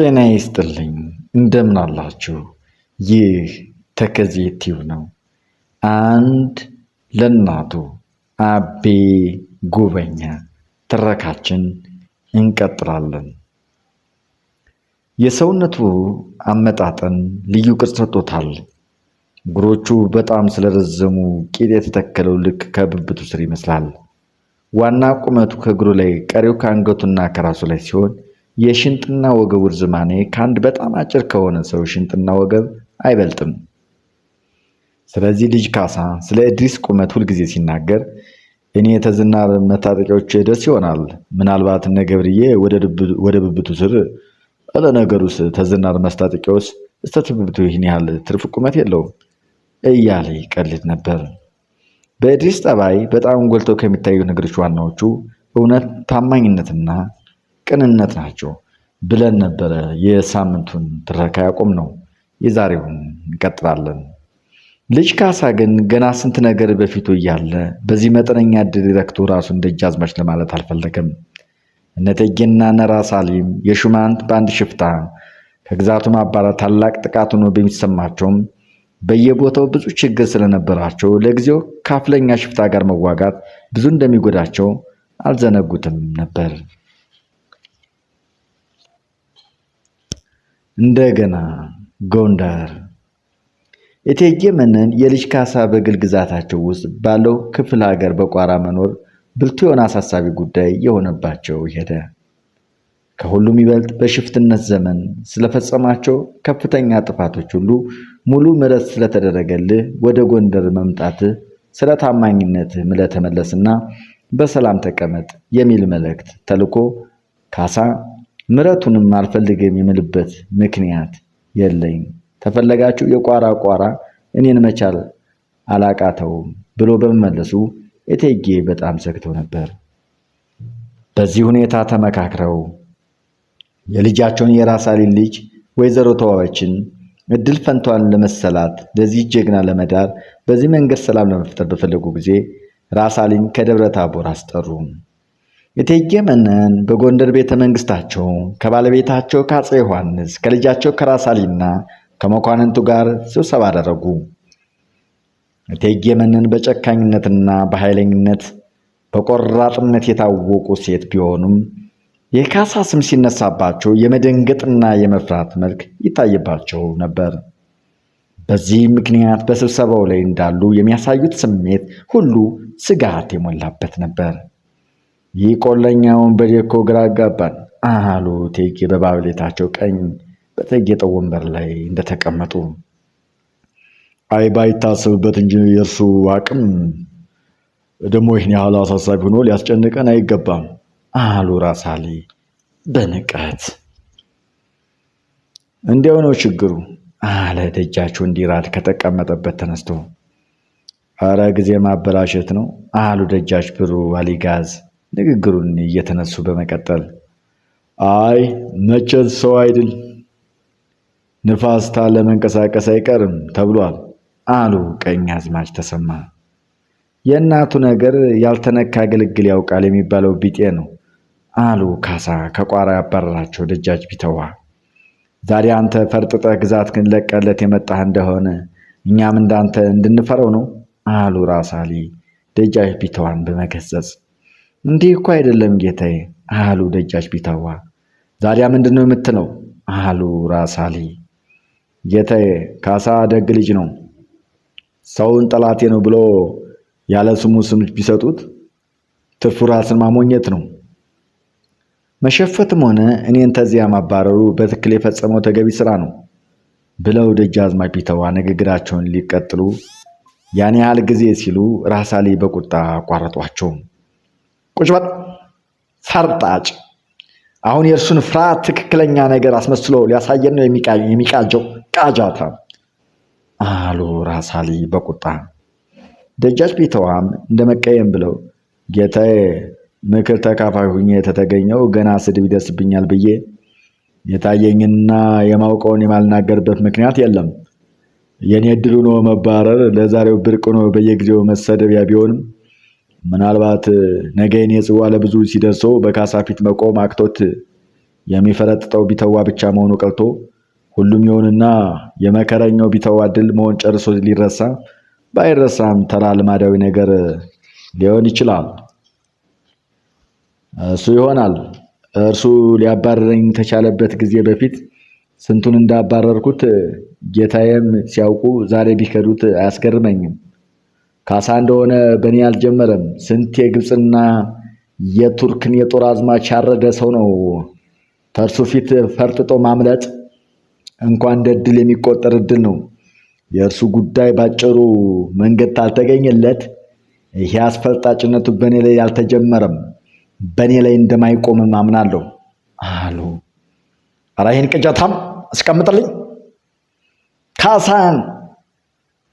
ጤና ይስጥልኝ እንደምን አላችሁ? ይህ ተከዜ ቲዩብ ነው። አንድ ለእናቱ አቤ ጎበኛ ትረካችን እንቀጥላለን። የሰውነቱ አመጣጠን ልዩ ቅርጽ ሰጥቶታል። እግሮቹ በጣም ስለረዘሙ ቂጥ የተተከለው ልክ ከብብቱ ስር ይመስላል። ዋና ቁመቱ ከእግሩ ላይ፣ ቀሪው ከአንገቱና ከራሱ ላይ ሲሆን የሽንጥና ወገብ ውርዝማኔ ከአንድ በጣም አጭር ከሆነ ሰው ሽንጥና ወገብ አይበልጥም። ስለዚህ ልጅ ካሳ ስለ እድሪስ ቁመት ሁልጊዜ ሲናገር እኔ የተዝና መታጠቂያዎች ደስ ይሆናል። ምናልባት እነ ገብርዬ ወደ ብብቱ ስር እለ ነገሩስ ተዝና መስታጠቂያውስ እስተ ትብብቱ ይህን ያህል ትርፍ ቁመት የለውም እያለ ይቀልድ ነበር። በእድሪስ ጠባይ በጣም ጎልተው ከሚታዩ ነገሮች ዋናዎቹ እውነት፣ ታማኝነትና ቅንነት ናቸው ብለን ነበረ የሳምንቱን ትረካ ያቆም ነው። የዛሬውን እንቀጥላለን። ልጅ ካሳ ግን ገና ስንት ነገር በፊቱ እያለ በዚህ መጠነኛ እድል ረክቶ ራሱን ደጃዝማች ለማለት አልፈለገም። እነቴጌና ነራ ሳሊም የሹማንት በአንድ ሽፍታ ከግዛቱ ማባራት ታላቅ ጥቃት ሆኖ በሚሰማቸውም በየቦታው ብዙ ችግር ስለነበራቸው ለጊዜው ካፍለኛ ሽፍታ ጋር መዋጋት ብዙ እንደሚጎዳቸው አልዘነጉትም ነበር። እንደገና ጎንደር እቴጌ መነን የልጅ ካሳ በግል ግዛታቸው ውስጥ ባለው ክፍለ ሀገር በቋራ መኖር ብልቱ የሆነ አሳሳቢ ጉዳይ የሆነባቸው ሄደ። ከሁሉም ይበልጥ በሽፍትነት ዘመን ስለፈጸማቸው ከፍተኛ ጥፋቶች ሁሉ ሙሉ ምሕረት ስለተደረገልህ ወደ ጎንደር መምጣትህ ስለ ታማኝነትህ ምለህ ተመለስና በሰላም ተቀመጥ የሚል መልእክት ተልኮ ካሳ ምረቱንም አልፈልግም የምልበት ምክንያት የለኝ። ተፈለጋችሁ የቋራ ቋራ እኔን መቻል አላቃተውም ብሎ በመመለሱ እቴጌ በጣም ሰግተው ነበር። በዚህ ሁኔታ ተመካክረው የልጃቸውን የራሳሊን ልጅ ወይዘሮ ተዋበችን እድል ፈንቷን ለመሰላት ለዚህ ጀግና ለመዳር በዚህ መንገድ ሰላም ለመፍጠር በፈለጉ ጊዜ ራሳሊን ከደብረ ታቦር አስጠሩ። እቴጌ መነን በጎንደር ቤተ መንግስታቸው፣ ከባለቤታቸው ከአፄ ዮሐንስ ከልጃቸው ከራሳሊና ከመኳንንቱ ጋር ስብሰባ አደረጉ። እቴጌ መነን በጨካኝነትና በኃይለኝነት በቆራጥነት የታወቁ ሴት ቢሆኑም የካሳ ስም ሲነሳባቸው የመደንገጥና የመፍራት መልክ ይታይባቸው ነበር። በዚህ ምክንያት በስብሰባው ላይ እንዳሉ የሚያሳዩት ስሜት ሁሉ ስጋት የሞላበት ነበር። ይህ ቆለኛ ወንበር እኮ ግራ አጋባን አሉ እቴጌ በባብሌታቸው ቀኝ በተጌጠው ወንበር ላይ እንደተቀመጡ። አይ ባይታሰብበት እንጂ የእርሱ አቅም ደግሞ ይህን ያህል አሳሳቢ ሆኖ ሊያስጨንቀን አይገባም አሉ ራስ አሊ በንቀት። እንዲያው ነው ችግሩ አለ ደጃቸው እንዲራድ ከተቀመጠበት ተነስቶ። አረ ጊዜ ማበላሸት ነው አሉ ደጃች ብሩ አሊጋዝ ንግግሩን እየተነሱ በመቀጠል አይ መቼት ሰው አይድል ንፋስታ ለመንቀሳቀስ አይቀርም ተብሏል አሉ ቀኝ አዝማች ተሰማ። የእናቱ ነገር ያልተነካ ግልግል ያውቃል የሚባለው ቢጤ ነው አሉ ካሳ ከቋራ ያባረራቸው ደጃጅ ቢተዋ። ዛሬ አንተ ፈርጥጠህ ግዛት ለቀለት የመጣህ እንደሆነ እኛም እንዳንተ እንድንፈረው ነው አሉ ራሳሊ ደጃጅ ቢተዋን በመገሰጽ እንዲህ እኮ አይደለም ጌታዬ አሉ ደጃች ቢታዋ። ዛዲያ ምንድን ነው የምትለው አሉ ራስ አሊ። ጌታዬ ካሳ ደግ ልጅ ነው። ሰውን ጠላቴ ነው ብሎ ያለ ስሙ ስም ቢሰጡት ትርፉ ራስን ማሞኘት ነው። መሸፈትም ሆነ እኔን ተዚያ ማባረሩ በትክክል የፈጸመው ተገቢ ስራ ነው ብለው ደጃዝማች ቢተዋ ንግግራቸውን ሊቀጥሉ ያን ያህል ጊዜ ሲሉ ራስ አሊ በቁጣ አቋረጧቸው። ቁጭ በል አሁን የእርሱን ፍርሃት ትክክለኛ ነገር አስመስሎ ሊያሳየን ነው የሚቃጀው። ቃጃታ አሉ ራሳሊ በቁጣ ደጃች ቢተዋም እንደ መቀየም ብለው ጌታዬ፣ ምክር ተካፋይ ሁኜ የተተገኘው ገና ስድብ ይደርስብኛል ብዬ የታየኝና የማውቀውን የማልናገርበት ምክንያት የለም። የኔ ዕድሉ ነው መባረር፣ ለዛሬው ብርቅ ነው በየጊዜው መሰደቢያ ቢሆንም ምናልባት ነገይን የጽዋ ለብዙ ሲደርሰው በካሳ ፊት መቆም አቅቶት የሚፈረጥጠው ቢተዋ ብቻ መሆኑ ቀልቶ ሁሉም የሆንና የመከረኛው ቢተዋ ድል መሆን ጨርሶ ሊረሳ ባይረሳም ተራ ልማዳዊ ነገር ሊሆን ይችላል። እሱ ይሆናል እርሱ ሊያባረረኝ ከቻለበት ጊዜ በፊት ስንቱን እንዳባረርኩት ጌታዬም ሲያውቁ ዛሬ ቢከዱት አያስገርመኝም። ካሳ እንደሆነ በእኔ አልጀመረም። ስንት የግብፅና የቱርክን የጦር አዝማች ያረደ ሰው ነው። ከእርሱ ፊት ፈርጥጦ ማምለጥ እንኳን እንደ እድል የሚቆጠር እድል ነው። የእርሱ ጉዳይ ባጭሩ መንገድ ካልተገኘለት ይሄ አስፈልጣጭነቱ በእኔ ላይ አልተጀመረም፣ በእኔ ላይ እንደማይቆምም አምናለሁ አሉ። ኧረ ይህን ቅጀታም አስቀምጥልኝ ካሳን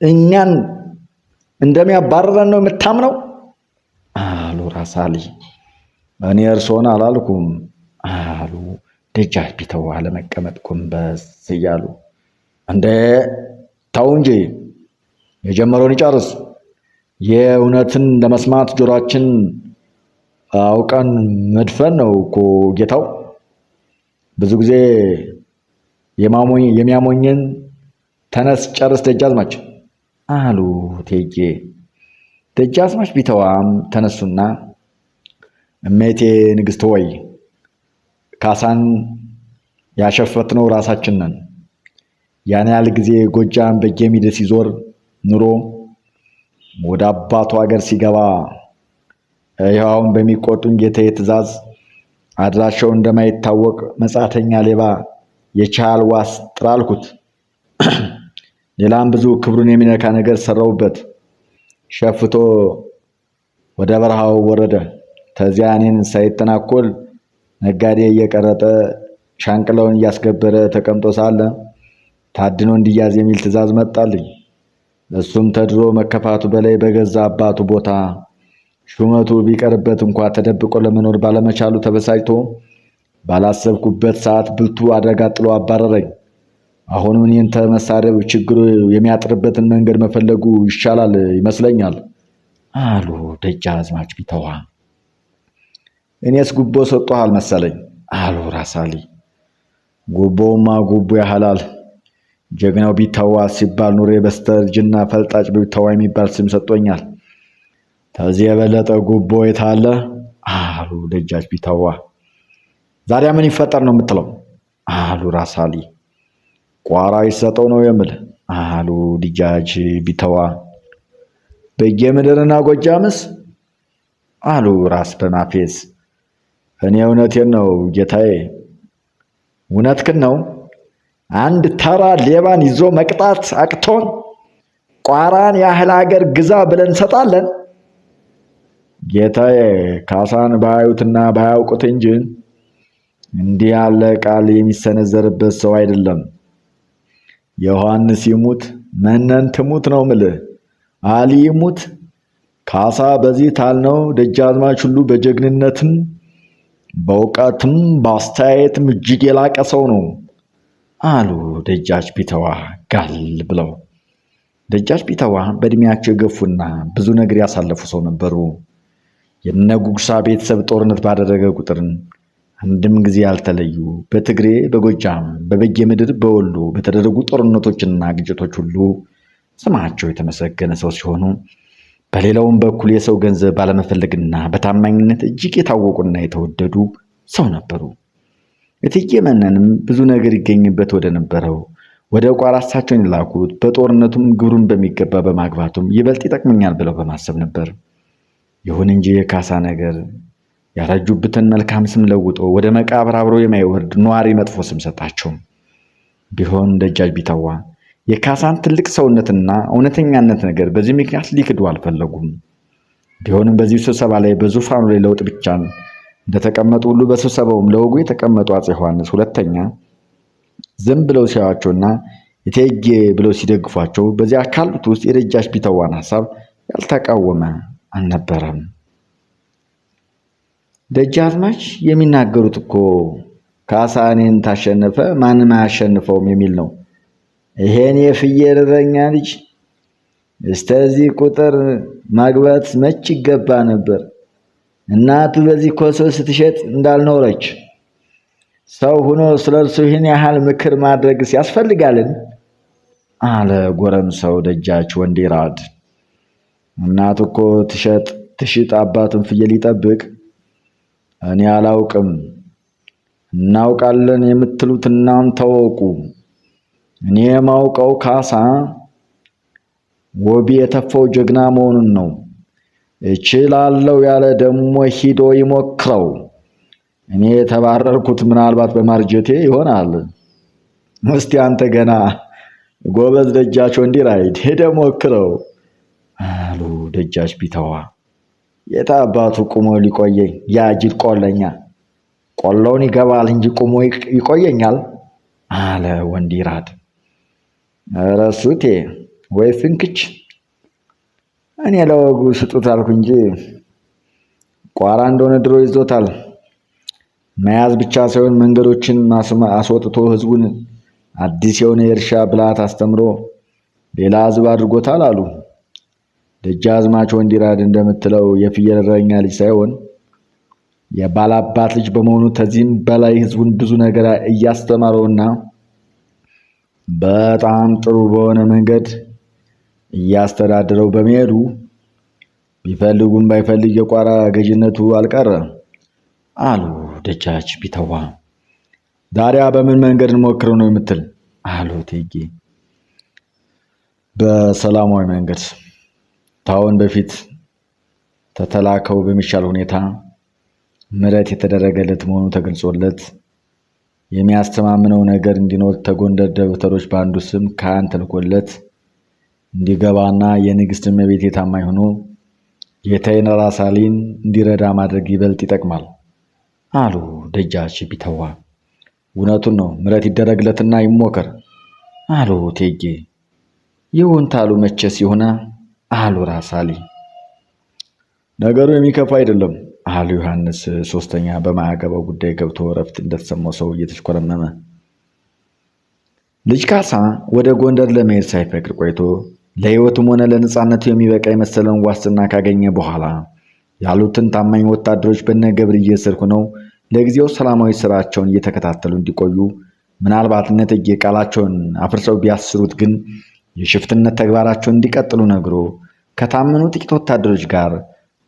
እኛን እንደሚያባረረን ነው የምታምነው አሉ ራሳሊ እኔ እርሶን አላልኩም አሉ ደጃች ቢተው አለመቀመጥ ጎንበስ እያሉ። እንደ ተው እንጂ የጀመረውን ይጨርስ። የእውነትን ለመስማት ጆሯችን አውቀን መድፈን ነው እኮ ጌታው። ብዙ ጊዜ የሚያሞኝን ተነስ ጨርስ ደጃዝማች አሉ ቴጌ። ደጃዝማች ቢተዋም ተነሱና እመቴ ንግሥት ወይ ካሳን ያሸፈትነው ራሳችን ነን። ያን ያህል ጊዜ ጎጃም በጌሚድ ሲዞር ኑሮ ወደ አባቱ ሀገር ሲገባ ይኸውን በሚቆጡን ጌታዬ ትእዛዝ አድራሻው እንደማይታወቅ መጻተኛ ሌባ የቻል ዋስ ጥራ አልኩት። ሌላም ብዙ ክብሩን የሚነካ ነገር ሰራውበት። ሸፍቶ ወደ በረሃው ወረደ። ተዚያ እኔን ሳይተናኮል ነጋዴ እየቀረጠ ሻንቅላውን እያስገበረ ተቀምጦ ሳለ ታድኖ እንዲያዝ የሚል ትእዛዝ መጣልኝ። እሱም ተድሮ መከፋቱ በላይ በገዛ አባቱ ቦታ ሹመቱ ቢቀርበት እንኳ ተደብቆ ለመኖር ባለመቻሉ ተበሳጭቶ ባላሰብኩበት ሰዓት ብልቱ አደጋ ጥሎ አባረረኝ። አሁንም እኔን ተመሳሪያ ችግር የሚያጥርበትን መንገድ መፈለጉ ይሻላል ይመስለኛል አሉ ደጃዝማች ቢተዋ። እኔስ ጉቦ ሰጥቶሃል መሰለኝ አሉ ራሳሊ። ጉቦውማ ጉቦ ያህላል ጀግናው ቢተዋ ሲባል ኑሬ በስተርጅና ፈልጣጭ ቢተዋ የሚባል ስም ሰጦኛል። ከዚህ የበለጠ ጉቦ የታለ? አሉ ደጃች ቢተዋ። ዛሬ ምን ይፈጠር ነው የምትለው? አሉ ራሳሊ። ቋራ ይሰጠው ነው የምል አሉ ዲጃጅ ቢተዋ። በጌምድርና ጎጃምስ አሉ ራስ በማፌዝ። እኔ እውነቴን ነው ጌታዬ። እውነትክን ነው አንድ ተራ ሌባን ይዞ መቅጣት አቅቶን ቋራን ያህል አገር ግዛ ብለን እንሰጣለን? ጌታዬ ካሳን ባያዩትና ባያውቁት እንጂ እንዲህ ያለ ቃል የሚሰነዘርበት ሰው አይደለም። ዮሐንስ ይሙት መነን ትሙት ነው ምልህ አሊ ይሙት ካሳ በዚህ ታል ነው ደጃዝማች ሁሉ በጀግንነትም በእውቀትም በአስተያየትም እጅግ የላቀ ሰው ነው አሉ ደጃች ቢተዋ ጋል ብለው። ደጃች ቢተዋ በእድሜያቸው የገፉና ብዙ ነገር ያሳለፉ ሰው ነበሩ። የነጉጉሳ ቤተሰብ ጦርነት ባደረገ ቁጥርን አንድም ጊዜ ያልተለዩ በትግሬ፣ በጎጃም፣ በበጌ ምድር፣ በወሎ በተደረጉ ጦርነቶችና ግጭቶች ሁሉ ስማቸው የተመሰገነ ሰው ሲሆኑ በሌላውም በኩል የሰው ገንዘብ ባለመፈለግና በታማኝነት እጅግ የታወቁና የተወደዱ ሰው ነበሩ። እቴጌ መነንም ብዙ ነገር ይገኝበት ወደ ነበረው ወደ ቋራ እሳቸውን የላኩት በጦርነቱም ግብሩን በሚገባ በማግባቱም ይበልጥ ይጠቅመኛል ብለው በማሰብ ነበር። ይሁን እንጂ የካሳ ነገር ያረጁብትን መልካም ስም ለውጦ ወደ መቃብር አብሮ የማይወርድ ነዋሪ መጥፎ ስም ሰጣቸው። ቢሆን ደጃጅ ቢተዋ የካሳን ትልቅ ሰውነትና እውነተኛነት ነገር በዚህ ምክንያት ሊክዱ አልፈለጉም። ቢሆንም በዚህ ስብሰባ ላይ በዙፋኑ ላይ ለውጥ ብቻ እንደተቀመጡ ሁሉ በስብሰባውም ለወጉ የተቀመጡ አፄ ዮሐንስ ሁለተኛ ዝም ብለው ሲያዩአቸውና እቴጌ ብለው ሲደግፏቸው በዚያ ካሉት ውስጥ የደጃች ቢተዋን ሀሳብ ያልተቃወመ አልነበረም። ደጃዝማች የሚናገሩት እኮ ካሳ እኔን ታሸነፈ ማንም አያሸንፈውም የሚል ነው። ይሄን የፍየል እረኛ ልጅ እስተዚህ ቁጥር ማግባት መች ይገባ ነበር። እናቱ በዚህ ኮሶ ስትሸጥ እንዳልኖረች ሰው ሆኖ ስለ እርሱ ይህን ያህል ምክር ማድረግስ ያስፈልጋልን? አለ ጎረምሳው ደጃች ወንዴ ራድ። እናት እኮ ትሸጥ ትሽጥ አባቱን ፍየል ይጠብቅ እኔ አላውቅም። እናውቃለን የምትሉት እናንተ ወቁ። እኔ የማውቀው ካሳ ወቢ የተፋው ጀግና መሆኑን ነው። እችላለሁ ያለ ደግሞ ሂዶ ይሞክረው። እኔ የተባረርኩት ምናልባት በማርጀቴ ይሆናል። እስቲ አንተ ገና ጎበዝ ደጃች ወንዲራይድ ሄደ ሞክረው አሉ ደጃች ቢተዋ። የታ አባቱ ቁሞ ሊቆየኝ? ያ ጅል ቆለኛ ቆሎውን ይገባል እንጂ ቁሞ ይቆየኛል አለ ወንዲራት። ረሱቴ ወይ ፍንክች! እኔ ለወጉ ስጡት አልኩ እንጂ ቋራ እንደሆነ ድሮ ይዞታል። መያዝ ብቻ ሳይሆን መንገዶችን አስወጥቶ ህዝቡን አዲስ የሆነ የእርሻ ብልሃት አስተምሮ ሌላ ህዝብ አድርጎታል አሉ። ደጃዝማች ወንዲራድ እንደምትለው የፍየል እረኛ ልጅ ሳይሆን የባላባት ልጅ በመሆኑ ከዚህም በላይ ህዝቡን ብዙ ነገር እያስተማረውና በጣም ጥሩ በሆነ መንገድ እያስተዳደረው በመሄዱ ቢፈልጉም ባይፈልግ የቋራ ገዥነቱ አልቀረ አሉ ደጃች ቢተዋ። ዳሪያ በምን መንገድ እንሞክረው ነው የምትል አሉ ቴጌ በሰላማዊ መንገድ ታውን በፊት ተተላከው በሚሻል ሁኔታ ምረት የተደረገለት መሆኑ ተገልጾለት የሚያስተማምነው ነገር እንዲኖር ተጎንደር ደብተሮች በአንዱ ስም ካህን ተልኮለት እንዲገባና የንግሥት እመቤት የታማኝ ሆኖ ጌታዬን ራሳሊን እንዲረዳ ማድረግ ይበልጥ ይጠቅማል አሉ ደጃች ቢተዋ። እውነቱን ነው ምረት ይደረግለትና ይሞከር አሉ ቴጌ። ይሁንታሉ መቼ ይሆና አሉ ራሳሊ ነገሩ የሚከፋ አይደለም አሉ ዮሐንስ ሶስተኛ በማዕቀበው ጉዳይ ገብቶ እረፍት እንደተሰማው ሰው እየተሽኮረመመ ልጅ ካሳ ወደ ጎንደር ለመሄድ ሳይፈቅድ ቆይቶ ለህይወቱም ሆነ ለነፃነቱ የሚበቃ የመሰለውን ዋስትና ካገኘ በኋላ ያሉትን ታማኝ ወታደሮች በነ ገብርዬ ስር ሆነው ለጊዜው ሰላማዊ ስራቸውን እየተከታተሉ እንዲቆዩ ምናልባት እነ ቃላቸውን አፍርሰው ቢያስሩት ግን የሽፍትነት ተግባራቸውን እንዲቀጥሉ ነግሮ ከታመኑ ጥቂት ወታደሮች ጋር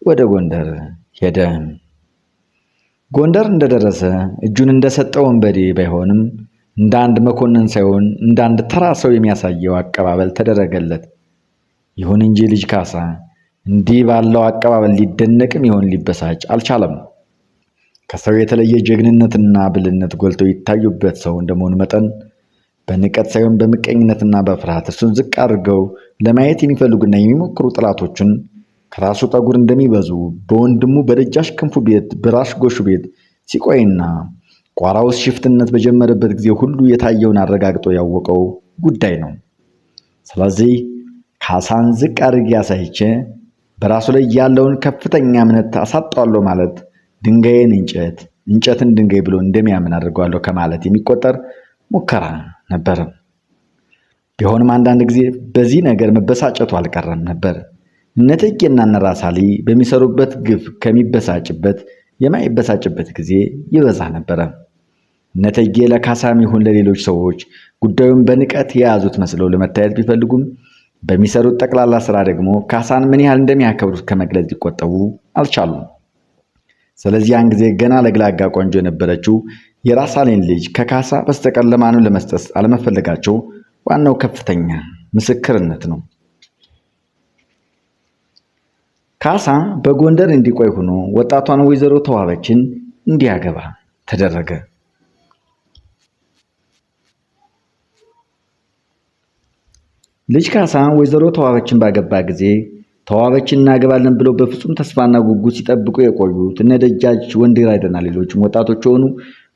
ወደ ጎንደር ሄደ። ጎንደር እንደደረሰ እጁን እንደሰጠ ወንበዴ ባይሆንም እንደ አንድ መኮንን ሳይሆን እንደ አንድ ተራ ሰው የሚያሳየው አቀባበል ተደረገለት። ይሁን እንጂ ልጅ ካሳ እንዲህ ባለው አቀባበል ሊደነቅም ይሆን ሊበሳጭ አልቻለም። ከሰው የተለየ ጀግንነትና ብልነት ጎልተው ይታዩበት ሰው እንደመሆኑ መጠን በንቀት ሳይሆን በምቀኝነትና በፍርሃት እርሱን ዝቅ አድርገው ለማየት የሚፈልጉና የሚሞክሩ ጠላቶቹን ከራሱ ጠጉር እንደሚበዙ በወንድሙ በደጃሽ ክንፉ ቤት በራሽ ጎሹ ቤት ሲቆይና ቋራ ውስጥ ሽፍትነት በጀመረበት ጊዜ ሁሉ የታየውን አረጋግጦ ያወቀው ጉዳይ ነው። ስለዚህ ካሳን ዝቅ አድርጌ አሳይቼ በራሱ ላይ ያለውን ከፍተኛ እምነት አሳጣዋለሁ ማለት ድንጋይን እንጨት፣ እንጨትን ድንጋይ ብሎ እንደሚያምን አድርገዋለሁ ከማለት የሚቆጠር ሙከራ ነበር። ቢሆንም አንዳንድ ጊዜ በዚህ ነገር መበሳጨቱ አልቀረም ነበር። እነ እነራሳሊ በሚሰሩበት ግፍ ከሚበሳጭበት የማይበሳጭበት ጊዜ ይበዛ ነበረ። እነ ለካሳም ይሁን ለሌሎች ሰዎች ጉዳዩን በንቀት የያዙት መስለው ለመታየት ቢፈልጉም በሚሰሩት ጠቅላላ ስራ ደግሞ ካሳን ምን ያህል እንደሚያከብሩት ከመግለጽ ሊቆጠቡ አልቻሉም። ስለዚህ ያን ጊዜ ገና ለግላጋ ቆንጆ የነበረችው የራሳሌን ልጅ ከካሳ በስተቀር ለማንም ለመስጠት አለመፈለጋቸው ዋናው ከፍተኛ ምስክርነት ነው። ካሳ በጎንደር እንዲቆይ ሆኖ ወጣቷን ወይዘሮ ተዋበችን እንዲያገባ ተደረገ። ልጅ ካሳ ወይዘሮ ተዋበችን ባገባ ጊዜ ተዋበችን እናገባለን ብለው በፍጹም ተስፋና ጉጉት ሲጠብቁ የቆዩት እነ ደጃች ወንድይራይና ሌሎችም ወጣቶች ሆኑ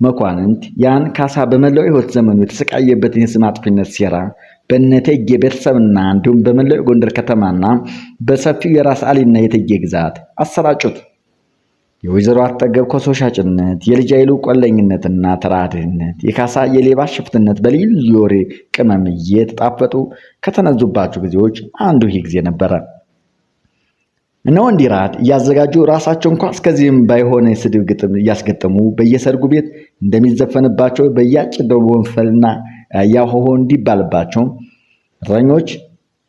መኳንንት ያን ካሳ በመላው ሕይወት ዘመኑ የተሰቃየበትን የስም አጥፊነት ሴራ በእነቴጌ ቤተሰብና እንዲሁም በመላው ጎንደር ከተማና በሰፊው የራስ አሊና የእቴጌ ግዛት አሰራጩት። የወይዘሮ አጠገብ ኮሶ ሻጭነት፣ የልጅ አይሉ ቆለኝነትና ተራድህነት፣ የካሳ የሌባ ሽፍትነት በልዩ ልዩ ወሬ ቅመም እየተጣፈጡ ከተነዙባቸው ጊዜዎች አንዱ ይህ ጊዜ ነበረ። እነ ወንዲራት እያዘጋጁ ራሳቸው እንኳ እስከዚህም ባይሆነ ስድብ ግጥም እያስገጠሙ በየሰርጉ ቤት እንደሚዘፈንባቸው በያጭደው ወንፈልና ያሆሆ እንዲባልባቸው እረኞች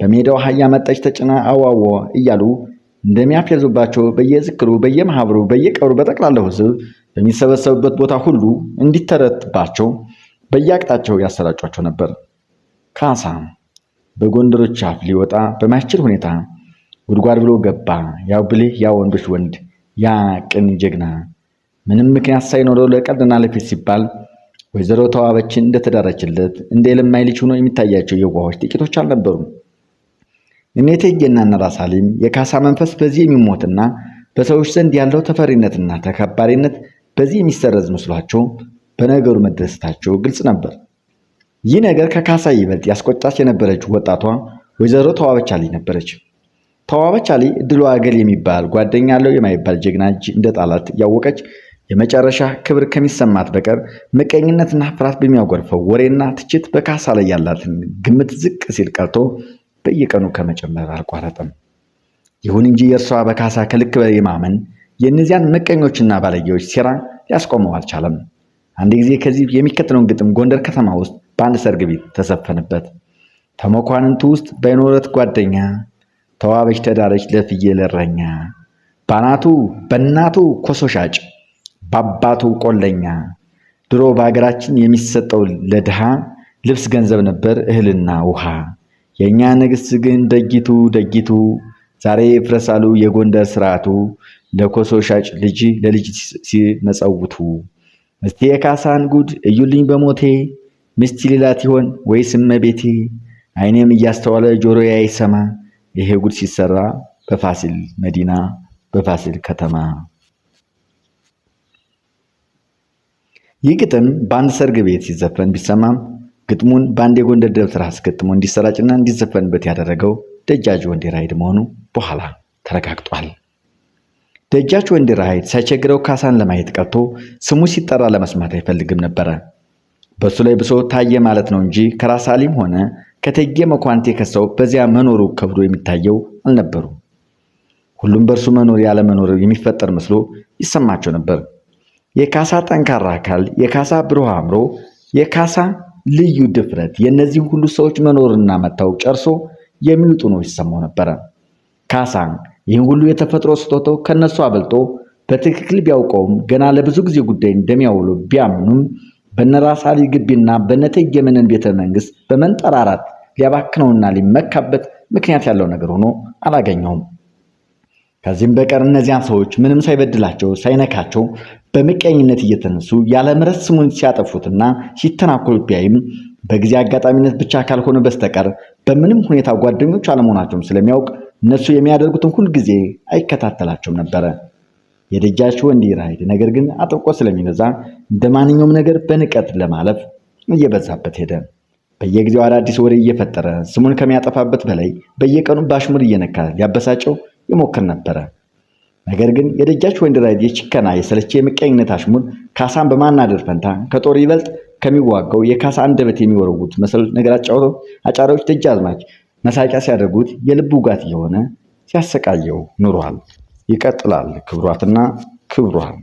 በሜዳው አህያ መጣች ተጭና አዋዎ እያሉ እንደሚያፌዙባቸው በየዝክሩ በየማህበሩ በየቀብሩ በጠቅላላው ህዝብ በሚሰበሰብበት ቦታ ሁሉ እንዲተረትባቸው በየአቅጣቸው ያሰራጯቸው ነበር። ካሳ በጎንደር ጫፍ ሊወጣ በማይችል ሁኔታ ጉድጓድ ብሎ ገባ። ያው ብልህ፣ ያ ወንዶች ወንድ፣ ያ ቅን ጀግና ምንም ምክንያት ሳይኖረው ለቀልድና ለፊት ሲባል ወይዘሮ ተዋበችን እንደተዳረችለት እንደ የለማይ ልጅ ሆኖ የሚታያቸው የዋሆች ጥቂቶች አልነበሩም። እኔ እቴጌና እነ ራስ የካሳ መንፈስ በዚህ የሚሞትና በሰዎች ዘንድ ያለው ተፈሪነትና ተከባሪነት በዚህ የሚሰረዝ መስሏቸው በነገሩ መደሰታቸው ግልጽ ነበር። ይህ ነገር ከካሳ ይበልጥ ያስቆጣች የነበረች ወጣቷ ወይዘሮ ተዋበች አሊ ነበረች። ተዋበች አሊ እድሉ ገል የሚባል ጓደኛ አለው የማይባል ጀግና እጅ እንደ ጣላት ያወቀች የመጨረሻ ክብር ከሚሰማት በቀር ምቀኝነትና ፍርሃት በሚያጎርፈው ወሬና ትችት በካሳ ላይ ያላትን ግምት ዝቅ ሲል ቀርቶ በየቀኑ ከመጨመር አልቋረጠም። ይሁን እንጂ የእርሷ በካሳ ከልክ በላይ ማመን የእነዚያን ምቀኞችና ባለጌዎች ሴራ ሊያስቆመው አልቻለም። አንድ ጊዜ ከዚህ የሚከተለውን ግጥም ጎንደር ከተማ ውስጥ በአንድ ሰርግ ቤት ተሰፈንበት። ተመኳንንቱ ውስጥ በይኖረት ጓደኛ ተዋበች ተዳረች ለፍየል እረኛ ባናቱ በእናቱ ኮሶ ሻጭ በአባቱ ቆለኛ። ድሮ በሀገራችን የሚሰጠው ለድሃ ልብስ ገንዘብ ነበር፣ እህልና ውሃ። የእኛ ንግሥት ግን ደጊቱ ደጊቱ ዛሬ ፍረሳሉ የጎንደር ስርዓቱ፣ ለኮሶ ሻጭ ልጅ ለልጅ ሲመጸውቱ። እስቲ የካሳን ጉድ እዩልኝ በሞቴ ሚስት ሌላት ይሆን ወይስ እመቤቴ? አይኔም እያስተዋለ ጆሮ አይሰማ ይሄ ጉድ ሲሰራ በፋሲል መዲና በፋሲል ከተማ ይህ ግጥም በአንድ ሰርግ ቤት ሲዘፈን ቢሰማም ግጥሙን በአንድ የጎንደር ደብተራ አስገጥሞ እንዲሰራጭና እንዲዘፈንበት ያደረገው ደጃጅ ወንዴ ራሂድ መሆኑ በኋላ ተረጋግጧል። ደጃች ወንዴ ራሂድ ሳይቸግረው ካሳን ለማየት ቀርቶ ስሙ ሲጠራ ለመስማት አይፈልግም ነበረ። በእሱ ላይ ብሶ ታየ ማለት ነው እንጂ ከራስ አሊም ሆነ ከእቴጌ መኳንቴ የከሰው በዚያ መኖሩ ከብዶ የሚታየው አልነበሩም። ሁሉም በእርሱ መኖር ያለመኖር የሚፈጠር መስሎ ይሰማቸው ነበር። የካሳ ጠንካራ አካል፣ የካሳ ብሩህ አእምሮ፣ የካሳ ልዩ ድፍረት የእነዚህ ሁሉ ሰዎች መኖርና መታወቅ ጨርሶ የሚውጡ ነው ይሰማው ነበረ። ካሳ ይህን ሁሉ የተፈጥሮ ስጦታው ከነሱ አበልጦ በትክክል ቢያውቀውም ገና ለብዙ ጊዜ ጉዳይ እንደሚያውሉ ቢያምኑም በነራሳሊ ግቢና በነእቴጌ ቤተ መንግስት በመንጠራራት ሊያባክነውና ሊመካበት ምክንያት ያለው ነገር ሆኖ አላገኘውም። ከዚህም በቀር እነዚያን ሰዎች ምንም ሳይበድላቸው ሳይነካቸው በምቀኝነት እየተነሱ ያለምረት ስሙን ሲያጠፉትና ሲተናኮሉ ቢያይም በጊዜ አጋጣሚነት ብቻ ካልሆነ በስተቀር በምንም ሁኔታ ጓደኞቹ አለመሆናቸውም ስለሚያውቅ እነሱ የሚያደርጉትን ሁል ጊዜ አይከታተላቸውም ነበረ። የደጃች ወንድ ራይድ ነገር ግን አጥብቆ ስለሚበዛ እንደ ማንኛውም ነገር በንቀት ለማለፍ እየበዛበት ሄደ። በየጊዜው አዳዲስ ወሬ እየፈጠረ ስሙን ከሚያጠፋበት በላይ በየቀኑ ባሽሙር እየነካ ሊያበሳጨው ይሞክር ነበረ። ነገር ግን የደጃች ወንድይራድ የችከና የሰለቸ የምቀኝነት አሽሙር ካሳን በማናደር ፈንታ ከጦር ይበልጥ ከሚዋጋው የካሳ አንደበት የሚወረውት መሰል ነገር አጫውተው አጫሪዎች ደጃዝማች መሳቂያ ሲያደርጉት የልብ ውጋት እየሆነ ሲያሰቃየው ኑሯል። ይቀጥላል። ክብሯትና ክብሯል